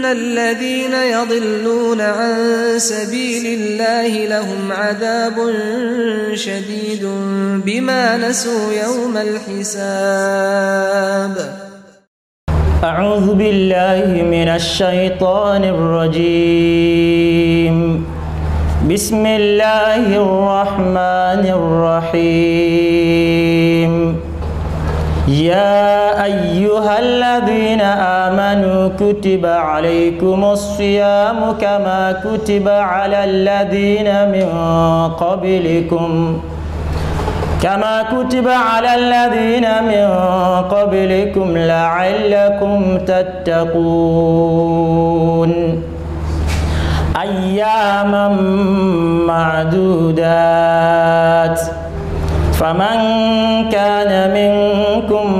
إن الذين يضلون عن سبيل الله لهم عذاب شديد بما نسوا يوم الحساب أعوذ بالله من الشيطان الرجيم بسم الله الرحمن الرحيم يا أيها الذين آمنوا كتب عليكم الصيام كما كتب على الذين من قبلكم كما كتب على الذين من قبلكم لعلكم تتقون أياما معدودات فمن كان منكم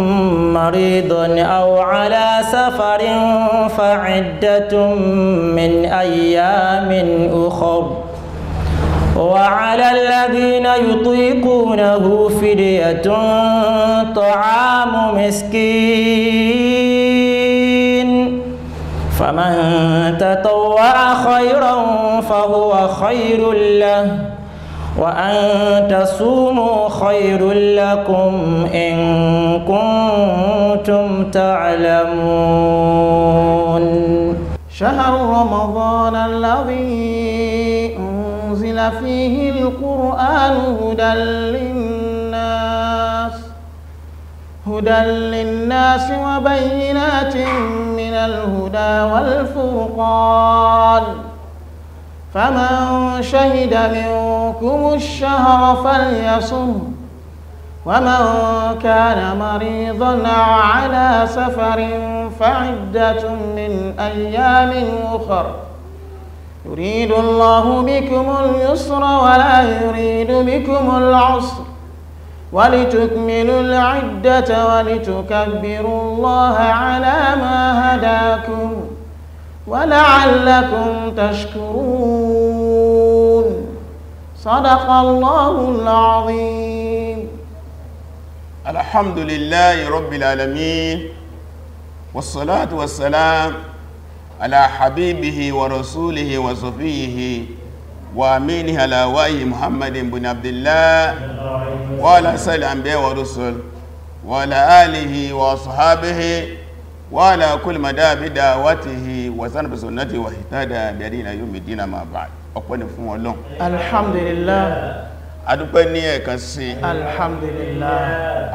مريضا أو على سفر فعدة من أيام أخر وعلى الذين يطيقونه فدية طعام مسكين فمن تطوع خيرا فهو خير له وأن تصوموا خير لكم إن كنتم تعلمون شهر رمضان الذي أنزل فيه القرآن هدى للناس هدى للناس وبينات من الهدى والفرقان فمن شهد منكم الشهر فليصم ومن كان مريضا على سفر فعدة من أيام أخر يريد الله بكم اليسر ولا يريد بكم العسر ولتكملوا العدة ولتكبروا الله على ما هداكم ولعلكم تشكرون صدق الله العظيم الحمد لله رب العالمين والصلاة والسلام على حبيبه ورسوله وصفيه وامينه على وعي محمد بن عبد الله وعلى سائر الانبياء والرسل وعلى اله واصحابه وعلى كل مدى بدعوته وسن بسنته واهتدى بهديه يوم الدين ما بعد ọpẹ́ ni fún Ọlọ́run alhamdulillah adúpẹ́ ní ẹ̀kan sí alhamdulillah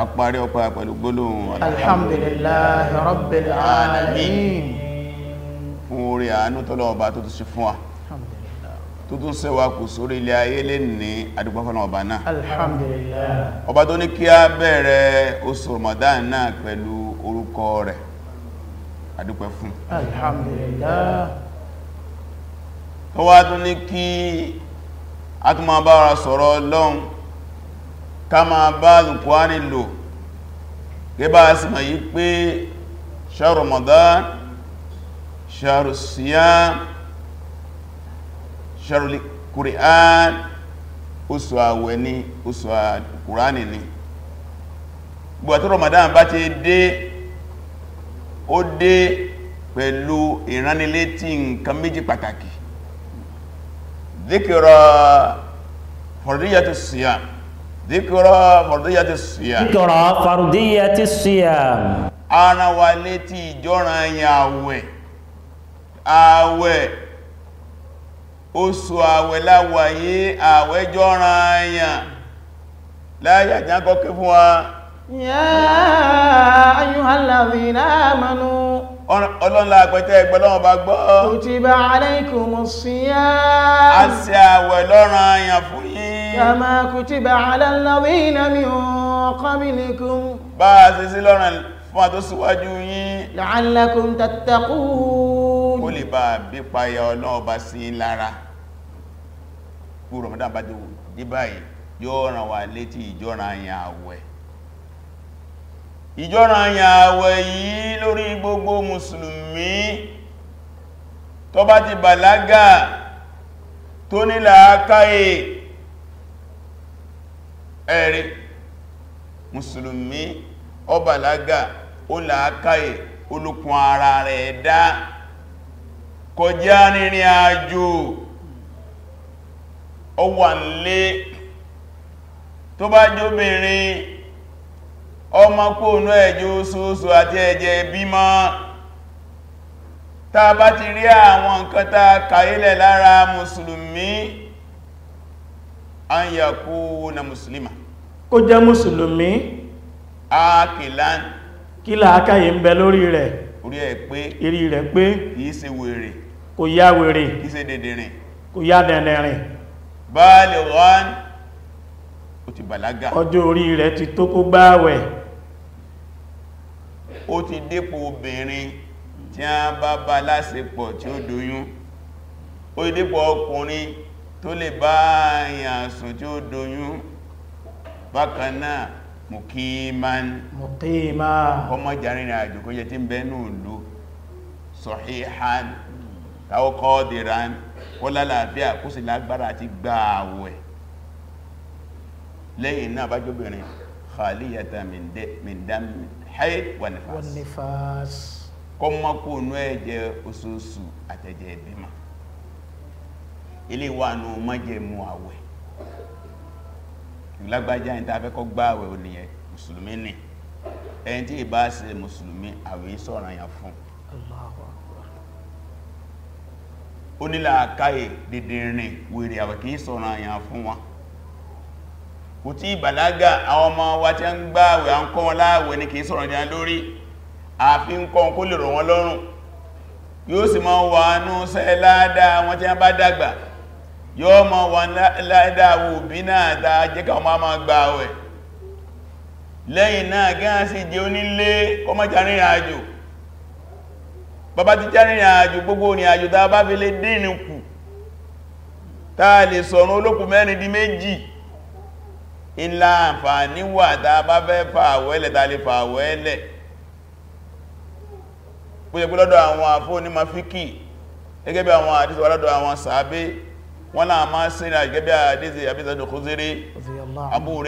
àparí ọpẹ́ pẹ̀lú gbólóhùn alhamdulillah rabbil alamin fún orí àánú tọ́lọ ọba tó tún ṣe fún wa tó tún ṣẹ́wà kù sórí ilé ayé lè ní adúpẹ́ fún ọba náà alhamdulillah ọba tó ní kí a bẹ̀rẹ̀ oṣù Ramadan náà pẹ̀lú orúkọ rẹ̀ àdúpẹ́ fún alhamdulillah ó wá tún ní kí a tún máa bára sọ̀rọ̀ Ọlọ́run ká máa bá Al-Qur'ani lò gẹ́bà sí ma yí pé shahru Ramadan shahru siyam shahru Qur'an oṣù àwẹ̀ ni oṣù Al-Qur'ani ni gbogbo àti Ramadan bá ti dé ó dé pẹ̀lú ìránilétí nǹkan méjì pàtàkì dhikra fardiyati siyam dhikra fardiyati siyam dhikra fardiyati siyam ara wa létí ìjọ́ran ẹ̀yà àwẹ̀ àwẹ̀ oṣù àwẹ̀ láwàyé àwẹ̀ jọ́ran ẹ̀yà láyàjá kọ́kẹ́ fún wa yá ayyuhallazina amanu ọlọ́nlá àpẹtẹ́ ẹgbẹ̀lọ́wọ́ bá gbọ́ kutiba alaykumus siyam a sì àwẹ̀ lọ́ràn àyàn fún yín kama kutiba alal ladhina min qablikum bá a sì sí lọ́ràn fún àtó bá bí payà sí lára kú Ramadan bá dé báyìí yóò ràn ìjọ́ra àyàwẹ̀ yìí lórí gbogbo musulmi tó bá ti bàlágà tó nílà làákàyè ẹ̀rí musulmi ó bàlágà ó làákàyè olùkùn ara rẹ̀ dá kọjá nírìn àjò ó wà nílé tó bá jóbìnrin ọmọ kóònú ẹjọ́ oṣooṣù àti ẹ̀jẹ̀ bímọ tá bá ti rí àwọn nǹkan tá kàílẹ̀ lára an yà na musulima. kó jẹ́ musulmi? a kìlá kílà akáyè ń bẹ lórí rẹ̀ orí ẹ̀ pé irí rẹ̀ pé kìí se wèrè kò yá wèrè kò yá dẹ̀dẹ̀rìn bá lè wọ́n ó ti bàlágà ọjọ́ orí rẹ̀ ti tó kó ó ti dépò obìnrin tí a bá bá láṣepọ̀ tí ó doyún ó ti dépò ọkùnrin tó lè bá àyàn sùn tí ó doyún bákan náà mukiman mukima ọmọ jàrin àjò kó yẹ tí ń bẹ ní ìlú sahihan káwọ́ qadiran kó lálàáfíà kó sì lágbára àti gba àwẹ̀ lẹ́yìn náà bá jóbìnrin khaliyatan min dam haid wa nifas kọ́ mọ́ kó nú ẹ̀jẹ̀ oṣooṣù àtẹ̀jẹ̀ ìbímọ ilé wà nù májẹ̀mú àwẹ̀ ìlágbájá ní tàbí kọ́ gbá àwẹ̀ òníyẹ mùsùlùmí ni ẹni tí ìbá ṣe mùsùlùmí àwẹ̀ sọ̀rọ̀ yà fún Akbar onílà àkáyè dìdìrìn wèrè àwẹ̀ kìí sọ̀rọ̀ yà fún wọn kò tí ìbàlágà àwọn ọmọ wa tí a ń gbáwẹ̀ a ń kọ́ wọn láàwẹ̀ ní kìí sọ̀rọ̀ ìdíyàn lórí àfi ń kọ́ kó lè rọ̀ wọn lọ́rùn yóò sì máa wà ní sẹ́ ládáa wọn tí a bá dàgbà yóò máa wà ládáa wò bí náà ta jẹ́ ká ọmọ ma gbáwẹ̀ lẹ́yìn náà gáà sì jẹ́ onílé kó má jarin àjò bàbá ti jarin àjò gbogbo ní àjò ta bá fi lè dín kù ta lè sọ̀rọ̀ olókùn mẹ́rin di méjì ilá àǹfààní wà tá bá fẹ́ fàwẹ́lẹ̀ tá a lè fàwẹ́lẹ̀ pẹ́lẹ̀ lọ́dọ̀ àwọn àfó ní mafíkì gẹ́gẹ́ bí àwọn àdísì wà lọ́dọ̀ àwọn sàábé wọ́n náà máa sí ìrìn bí àdísì àbísàdù kúzírí Abu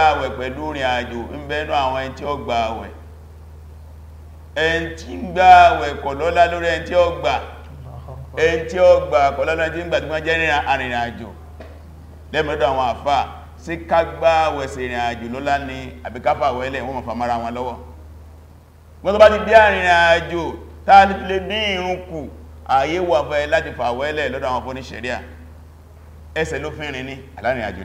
Muhammad ẹni tí ń ẹni tí ó gba àpọ̀lọ́nà tí ń gbà tí wọ́n jẹ́ arìnrìn àjò lẹ́mọ̀lọ́dọ̀ àwọn àfà sí ká gbá wẹ̀sẹ̀ ìrìn àjò lọ́lá ní àbíkápà wẹ́lẹ̀ wọ́n mọ̀fà mara wọn lọ́wọ́ wọ́n tó bá ti bí arìnrìn àjò táà lè dín irun kù ààyè wà fẹ́ láti fà wẹ́lẹ̀ lọ́dọ̀ àwọn fóní ṣẹ̀ríà ẹsẹ̀ ló fínrin ní alárìn àjò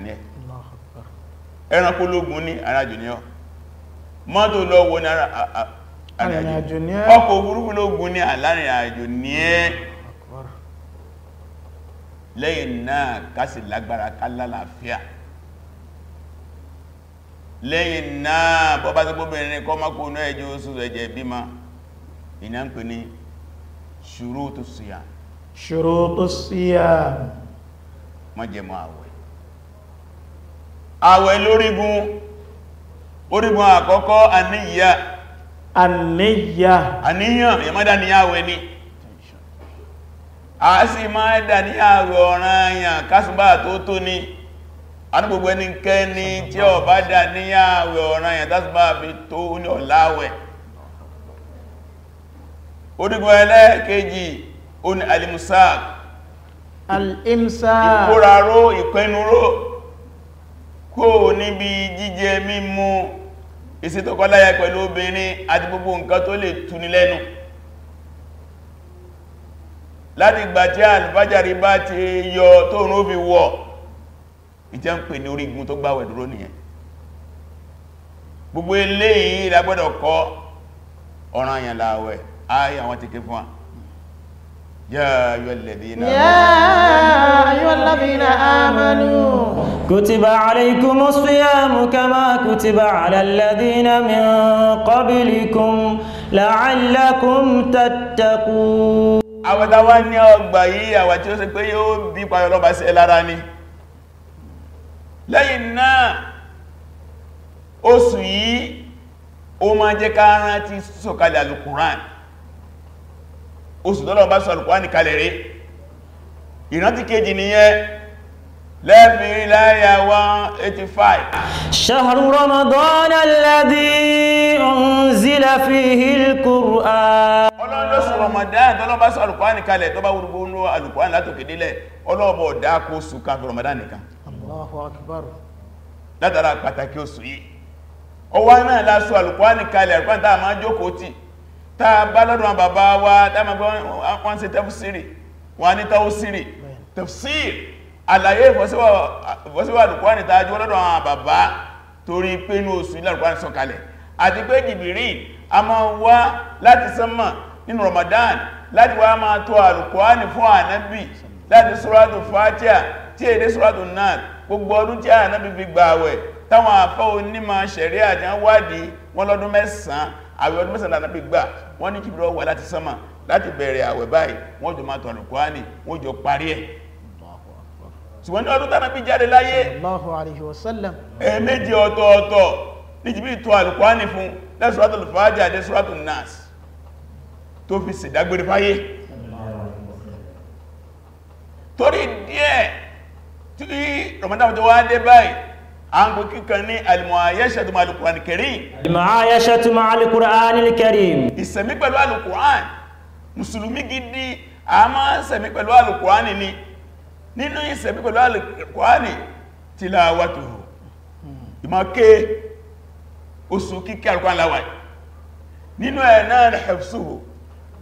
ní ẹ lẹ́yìn náà kásì lágbára kálàlàáfíà lẹ́yìn náà bọ́bá tó gbóbìnrin kọ́ mọ́kúnnú ẹjọ́ oṣù ẹjẹ̀ bímá iná ń pè ní ṣurutu siyam ṣurutu siyam májẹ̀mú àwẹ̀ àwẹ̀ lórígun orígun àkọ́kọ́ àníyà àníyà àníyàn ìyàmọ́dá ni àwẹ̀ ni a sì máa dà ní àwẹ̀ ọ̀ràn àyàn kásùbà tó tó ní àti gbogbo ẹnikẹ́ni tí ó bá dà ní àwẹ̀ ọ̀ràn àyàn tásùbà fi tó ní ọ̀láwẹ̀ orígun ẹlẹ́ẹ̀kejì ó ní alimusak al-imsak ìkóraró ìpẹnuró kó láti gbà tí alfajari bá ti yọ tó rún ó fi wọ̀ ìjẹ́ ń pè ní orígun tó gbáwẹ̀ dúró nìyẹn gbogbo eléyìí la gbọ́dọ̀ kọ́ ọ̀ràn àyàn láàwẹ̀ ayé àwọn ti ké fún wa yá ayyuhal ladhina kutiba alaykumus siyamu kama kutiba alal ladhina min qablikum la'allakum tattaqun àwẹ̀ta wá ní ọgbà yìí àwà tí ó ṣe pé yóò bí payọ lọ́bà sí ẹlára ni lẹ́yìn náà oṣù yìí ó ma jẹ́ káàrán ti sọ̀kalẹ̀ alùkùnrán oṣù tọ́lọ̀ bá sọ alùkùnrán kalẹ̀ rẹ̀ ìrántí kejì nìyẹn lẹ́bìnrin láyà 185 ṣahàrù ramadan alladhi unzila fihi al-Qur'an Ramadan tó lọ́bá sọ alùkùránì kalẹ̀ tó bá wùrùgbò ní alùkùránì látòkè délẹ̀ ọlọ́ọ̀bọ̀ dákó sùkà fi Ramadan nìkan Allahu Akbar látara pàtàkì oṣù yìí ọwá náà lásọ alùkùránì kalẹ̀ alùkùránì tá a máa jókòó tì tá a bá lọ́dún àwọn bàbá wa tá a máa gbọ́ wọ́n ṣe tafsiri wọ́n ní tafsiri tafsir àlàyé ìfọ́síwà alùkùránì tá a àti pé jìbìrí a máa wá láti sánmà nínú Ramadan láti wá máa tó alùkùránì fún ànábì láti sọ́rọ̀tù Fatiha tí èdè sọ́rọ̀tù náà gbogbo ọdún tí ànábì fi gba àwẹ̀ táwọn afọ́ onímọ̀ ṣẹ̀ríà àti wádìí wọn lọ́dún mẹ́sàn-án àwẹ̀ ọdún mẹ́sàn-án lánàbì gbà wọ́n ní kìbìrọ̀ wà láti sánmà láti bẹ̀rẹ̀ àwẹ̀ báyìí wọ́n jọ máa tó alùkùránì wọ́n jọ parí ẹ̀ ṣùgbọ́n ní ọdún tánàbí jáde láyé Allahu alaihi wasallam ẹ̀ẹ̀mejì ọ̀tọ̀ọ̀tọ̀ ní jìbìtò alùkùránì fún lẹ́sùrátù Fatiha àti sùrátù Nas tó fi ṣèdágbére fáyé torí díẹ̀ tí Ramadan tó wá dé báyìí a ń kò kíkan ní al-mu'ayashatu ma'a al-Qur'an al-Karim al-mu'ayashatu ma'a al-Qur'an al-Karim ìṣẹ̀mí pẹ̀lú al-Qur'an mùsùlùmí gidi a máa ń ṣẹ̀mí pẹ̀lú al-Qur'an ni nínú ìṣẹ̀mí pẹ̀lú al-Qur'an tilawatuhu ìmọ̀ké oṣù kíkẹ́ al-Qur'an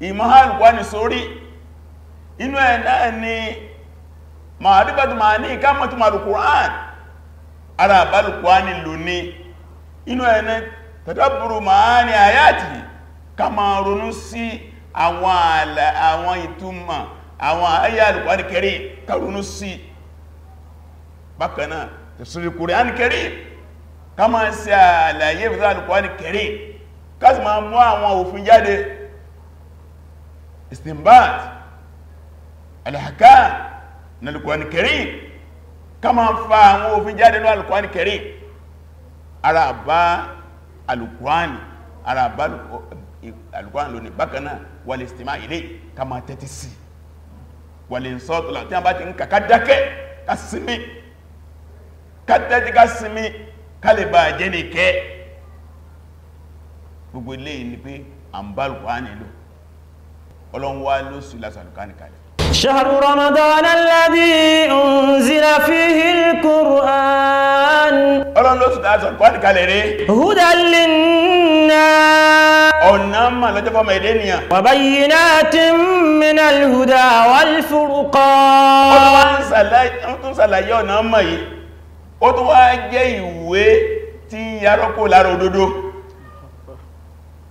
ìmọ̀hálù wá ní sórí inú ẹ̀ náà ni màádìbàtí ma ní ìkámọ̀tí ma Al-Qur'an ara àbálùkùrá ní lò ní inú ẹ̀ náà tàdábùrù máa ní àyàtì ká ma ronú sí àwọn ìtumọ̀ àwọn àyà Al-Qur'an Karim ká ronú sí istinbat alhakam na alquran karim ká ma fa àwọn òfin jáde ní alquran karim ara bá alquran ara bá alquran lónìí bákanáà wal istima ilé ká ma tẹ́tí sí wal insọ́tọ̀lá tí a ti ń kàkà dákẹ́ ká sinmi ká tẹ́tí ká sinmi ká lè bá jẹ́ nìkẹ́ gbogbo ọlọ́run wá ló sí lásàlùkánì kalẹ̀ ṣàrù ramadan alladhi unzila fihi al-Qur'an ọlọ́run ló sí lásàlùkánì kalẹ̀ rẹ̀ hudan linnas ọ̀nà mà lọ́jọ́ fọ́mọ̀ èdè nìyàn wa bayyinatin minal huda wal furqan ọlọ́run tún sàlàyé ọ̀nà mà yìí ó tún wá jẹ́ ìwé tí yarọ́pò lára òdodo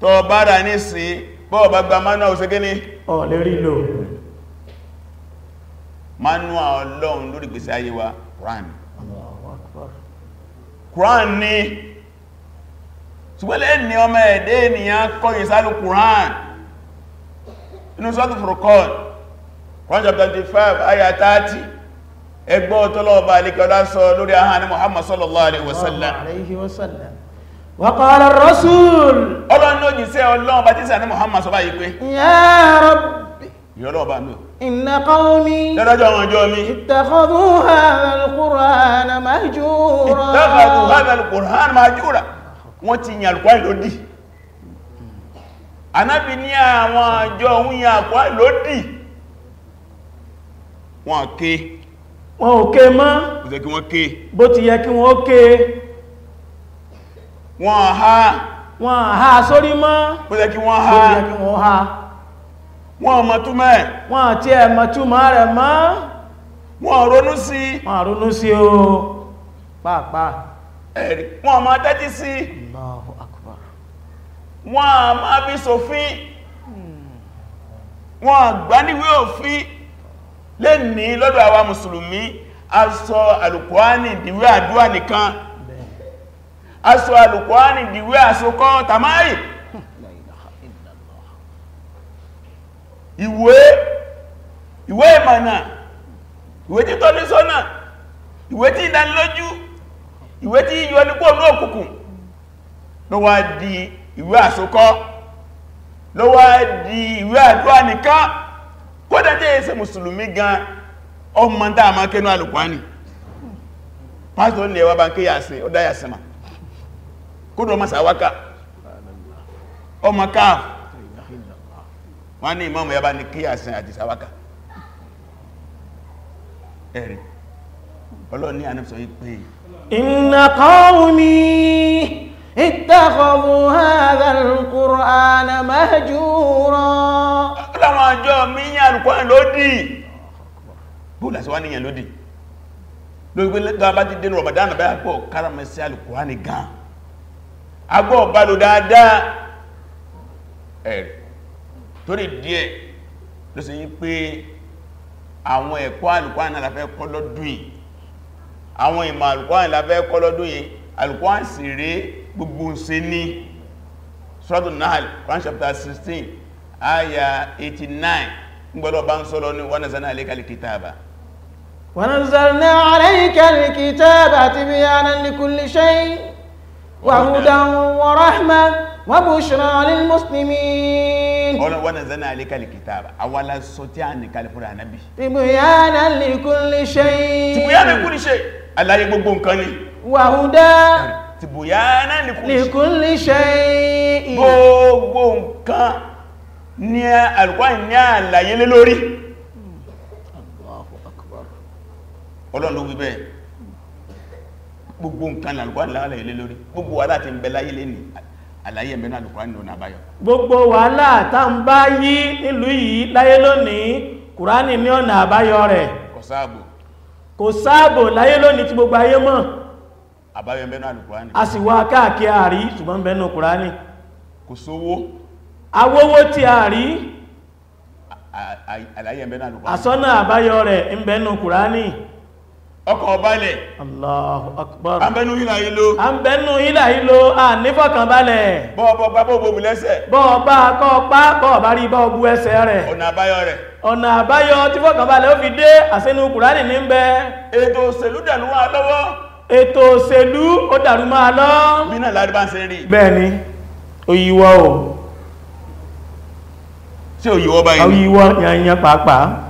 tó bá rà ní sí bọ́ bá gba manual ṣe gíní ọ̀ lérí lò manual ọlọ́run lórí gbèsè ayé wa Quran Quran ni ṣùgbẹ́lẹ̀ ní ọmọ ẹ̀dẹ́ ènìyàn kọ̀yìn sálù Quran inú sọ́tù Furqan Quran chapter 25 ayah 30 ẹgbọ́ tọ́lọ̀ ọba alikọ́lá sọ lórí ahánà Muhammad sallallahu alaihi wasallam wàkọ̀ọ̀lọ̀ rọ́sùl ọlọ́run ló jìí sí ọlọ́run bá jísà ní Muhammad sọ báyìí pé ya Rabbi yọ́lọ́ bá mi inna qawmi lọ́dọ́jọ́ wọn jọ mi ittakhadhu hadha al-Qur'ana mahjura ittakhadhu hadha al-Qur'ana mahjura wọ́n ti yìn alùkwáì lódì anábi ní àwọn àjọ òun yìn alùkwáì lódì wọ́n ké wọ́n ò ké mọ́ bó ti yẹ kí wọ́n ké wọ́n ha wọ́n ha sórí mọ́ bó jẹ́ kí wọ́n ha wọ́n mọ̀ túmọ̀ wọ́n tí ẹ mọ̀ túmọ̀ rẹ̀ mọ́ wọ́n ronú sí wọ́n ronú sí o pàápàá ẹ̀rí wọ́n máa tẹ́tí sí Allahu Akbar wọ́n máa fi sòfin wọ́n gbáníwé òfin lè ní lọ́dọ̀ àwa mùsùlùmí a sọ àlùkùránì dìwé àdúwà nìkan aṣọ alùkwáàni dìwé àṣokọ́ tamari ìwé ìwé ìmọ̀nà ìwé tí tọ́lú sọ́nà ìwé tí ìdánilójú ìwé tí yíò nípò ní òkùnkùn ló wá di ìwé àṣokọ́ ló wá di ìwé àdúrà nìkan kódà jẹ́ ẹsẹ̀ mùsùlùmí gan ọmọ dáa máa kẹ́nu alùkwáàni pásítọ̀ ní ẹwà bá ń kéyà sí ọdá yà sí máa kódò ọmọ sàwákà ọmọ káà wọ́n ní ìmọ̀ ya bá ní kí àṣìn àti sàwákà ẹ̀rì ọlọ́ni àníṣọ́ ìpé inna qawmi ittakhadhu hadha al-Qur'ana mahjura láwọn àjọ míyàn alùkọ́rin lódì bóòlà sí wá níyàn lódì lórí pé lẹ́gbàá bá ti dénú Ramadan báyàpọ̀ káràmẹ́sí alùkọ́rin gan-an agbọ́ ọ̀bálò dáadáa ẹ̀rẹ̀ torí díẹ̀ ló sì yí pé àwọn ẹ̀kọ́ alùkwáàn náà lafẹ́ kọ́ lọ́dún yìí àwọn ìmọ̀ alùkwáàn lafẹ́ kọ́ lọ́dún yìí alùkwáàn sì rí gbogbo ṣe ní Suratul Nahl Quran chapter 16 aya 89 gbọ́lọ́ bá ń sọ́lọ́ ní wa nazzalna alayka al-kitaba wa nazzalna alayka al-kitaba tibyana likulli shay' وهدى ورحمة وبشرى للمسلمين أولا ونزلنا عليك الكتاب أولا سوتي أن كالفور النبي تبيانا لكل شيء تبيانا لكل شيء الله يبقى نكاني وهدى تبيانا لكل شيء gbogbo nǹkan ní alùkwáì ní àlàyé Allahu Akbar ọlọ́run bẹ́ẹ̀ gbogbo nǹkan lálùkùránì láàrẹ̀ ilé lórí gbogbo wàhálà tí ń bẹ láyé lé ní àlàyé ẹ̀mẹ́ náà lùkùránì gbogbo wàhálà tá ń bá yí nílùú yìí láyé lónìí kùránì ní ọ̀nà re. rẹ̀ kò sáàbò kò sáàbò láyé lónìí tí gbogbo ayé a si a ọkọ̀ ọ̀bálẹ̀. Allahu akbar. a bẹnu a ń bẹnu ìlà ìlò a nífọ̀kànbalẹ̀. bọ́ọ̀bọ́ bá bóòbò mú lẹ́sẹ̀. bọ́ọ̀bá kọ́ pá bọ́ọ̀bá rí bọ́ọ̀bú ẹsẹ̀ rẹ̀. ọ̀nà àbáyọ rẹ̀. ọ̀nà àbáyọ tí ó fi dé àsínú kùránì ní bẹ. ètò òṣèlú dànù wà lọ́wọ́. ètò òṣèlú ó máa lọ. bínà ń rí. bẹ́ẹ̀ni o. ṣé báyìí? pàápàá.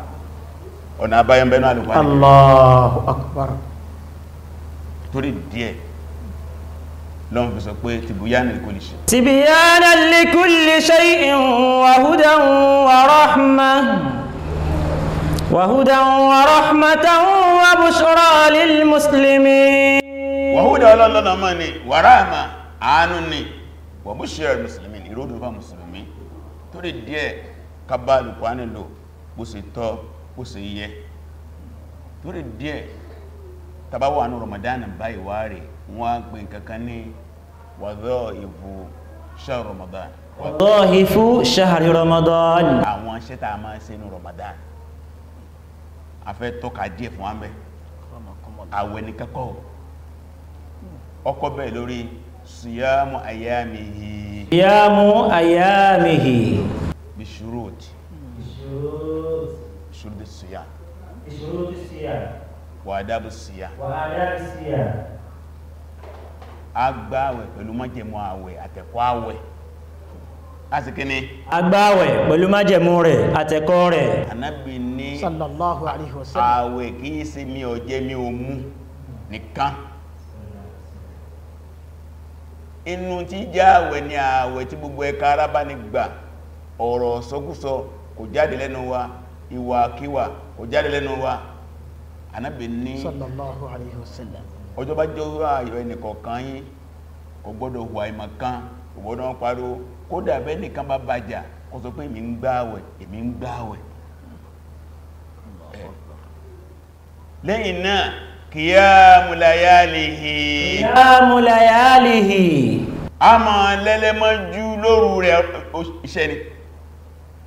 ọ̀nà àbáyọ bẹnu alùkwárí Allahu Akbar torí díẹ̀ lọ́n fi sọ pé tìbúyánà likulli shay tìbúyánà likulli shay'in wa hudan wa rahma wa hudan wa rahmatan wa bushra lil muslimin wa hudan díẹ̀ kábàlù kwánìlò bó sì tọ́ ó sì yẹ torí díẹ̀ tàbáwà ní Ramadan báyìí wá rè wọ́n á gbé ní wàdọ́ ìfú ṣáà Ramadan wàdọ́ ìfú ṣáà Ramadan àwọn iṣẹ́ tá a máa ń ṣe ní Ramadan a fẹ́ tọ́ka díẹ̀ fún wa mẹ́ àwẹ̀ ní kẹ́kọ́ ọkọ̀ bẹ́ẹ̀ lórí siyamu ayamihi siyamu ayamihi bishurut bishurut شروط الصيام ya. الصيام وآداب الصيام وآداب الصيام agbáwẹ̀ pẹ̀lú májẹ̀mú àwẹ̀ àtẹ̀kọ́ àwẹ̀ asìkíní agbáwẹ̀ pẹ̀lú májẹ̀mú rẹ̀ àtẹ̀kọ́ rẹ̀ anábì ní sallallahu mi ò mi ò mu nìkan inú tí jẹ́ àwẹ̀ ni àwẹ̀ tí gbogbo ẹka ara ọ̀rọ̀ kò ìwàkíwà kò jáde lẹ́nu wa anábì ní sallallahu alayhi wa sallam yín kò gbọ́dọ̀ hùwà ìmọ̀kan kò gbọ́dọ̀ kódà bẹ́ẹ̀ nìkan bá bàjà kò sọ pé èmi ń gbààwẹ̀ èmi ń gbààwẹ̀ lẹ́yìn náà kìyàmù láyálìhì kìyàmù láyálìhì a máa lẹ́lẹ́mọ́jú lóru rẹ̀ iṣẹ́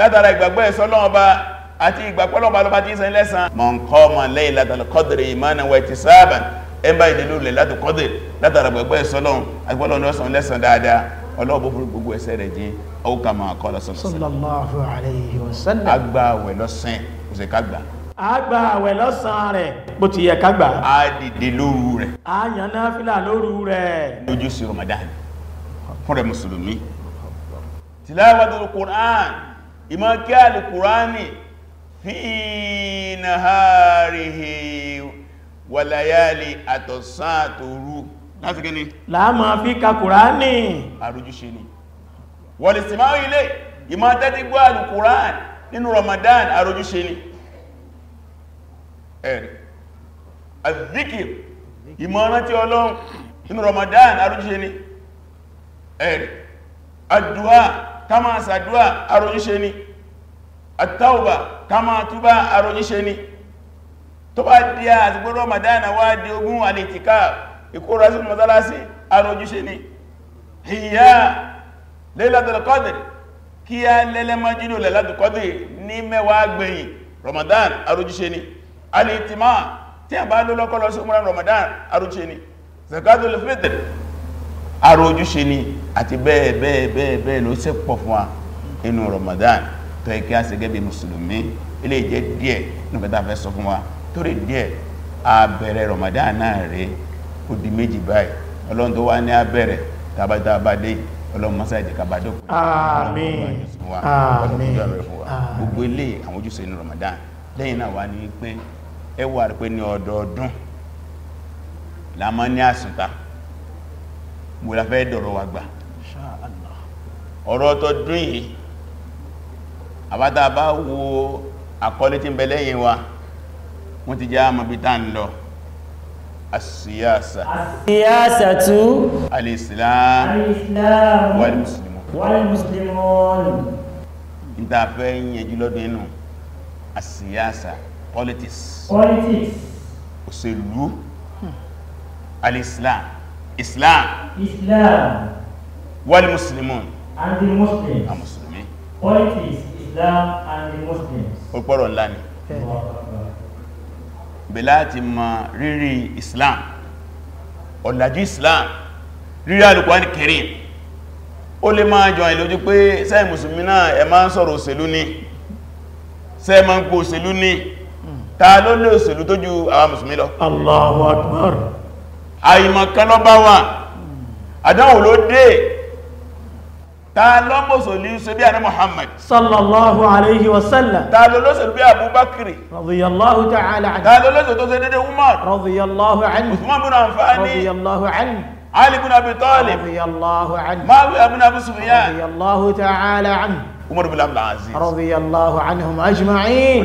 látara ìgbàgbọ́ ẹ̀sọ́ lọ́wọ́ba àti ìgbàpọ́lọ́ba lọ́ba tí ń sẹ́yìn lẹ́sàn man qama laylatal qadri imanan wa ihtisaban ẹmbà ìdílú lè láti kọ́dẹ̀ látara ìgbàgbọ́ ẹ̀sọ́ lọ́wọ́ agbọ́lọ́ lọ́sàn lẹ́sàn dáadáa ọlọ́ọ̀bù fún gbogbo ẹ̀ṣẹ̀ rẹ̀ jẹ́ ó kà máa kọ́ lọ́sàn sallallahu alayhi wa sallam agbá àwẹ̀ lọ́sàn kò sì kágbà agbá àwẹ̀ lọ́sàn ìmọ̀ kí alìkùránì fi naharihi wàlàyàlì àtọ̀sán àtòrú láti gẹ́ni láàmà fi ka kùránì àrójúṣe ni wọ̀lì sí máa ilé ìmọ̀ tẹ́tígbọ́ alìkùránì nínú Ramadan àrójúṣe ni ẹ̀rì azikir ìmọ̀ rántí Ọlọ́run nínú Ramadan àrójúṣe ni ẹ̀rì kama máa sàdúwà aróyíṣẹ́ ni àtàwà ká máa túbá aróyíṣẹ́ ni tó bá di a àti gbọ́rọ̀ madana wá di ogún alìtìká ìkóra sí mọ́sálásí aróyíṣẹ́ ni ìyá Lailatul kí a lẹ́lẹ́mọ́jínú Lailatul Qadr ní mẹ́wàá gbẹ̀yìn Ramadan aróyíṣẹ́ ni alìtìmá tí a bá lọ́lọ́kọ́ Ramadan aróyíṣẹ́ ni zakatul ara ojúṣe ni àti bẹ́ẹ̀ bẹ́ẹ̀ bẹ́ẹ̀ bẹ́ẹ̀ ló ṣe pọ̀ fún wa inú Ramadan tó yẹ kí a ṣe gẹ́gẹ́ bí mùsùlùmí ilé ìjẹ́ díẹ̀ sọ fún wa torí díẹ̀ Ramadan náà rẹ̀ ó di méjì báyìí ọlọ́run tó wá ní tabadabade ọlọ́run mọ́sá ìdí kabadó àmín àmín gbogbo ilé àwọn ojúṣe inú Ramadan lẹ́yìn náà wá ní pé ẹwà rẹ̀ pé ní mo la fẹ́ dọ̀rọ̀ wa gbà ọ̀rọ̀ tọdún yìí àbátà bá wo àkọlé tí ń bẹ lẹ́yìn wa wọ́n ti já mọ̀ bí tá ń lọ asíyásà asíyásà tú alìsìláàm wàlìmùsìlìmọ̀n ìdáfẹ́ yẹnjú lọ́dún inú asíyásà politics politics òṣèlú alìsìláàm islam islam wal muslimun and the muslims a musulmi point is islam and the muslims ó pọ̀rọ̀ ńlá ni bẹ̀lá ti riri islam ọ̀làjú islam rírì alùkwáni kerim. ó lè máa jọ ìlójú pé ṣé musulmi náà ẹ máa ń sọ̀rọ̀ òṣèlú ni ṣé máa ń pò òṣèlú ni ta ló lé òṣèlú tó ju àwọn musulmi lọ Allahu Akbar àìmọ̀kan lọ bá wà àdánwò ló dé ta lọ́mọ̀sọ̀ lè ṣe bí àní Muhammad sallallahu alaihi wasallam ta lọ́lọ́sọ̀ bí Abubakiri radiyallahu ta'ala anhu ta lọ́lọ́sọ̀ tó ṣe dédé Umar radiyallahu anhu Usman bin Affan radiyallahu anhu Ali bin Abi Talib radiyallahu anhu Muawiya bin Abi Sufyan radiyallahu ta'ala anhu Umar bin Abdul Aziz radiyallahu anhum ajma'in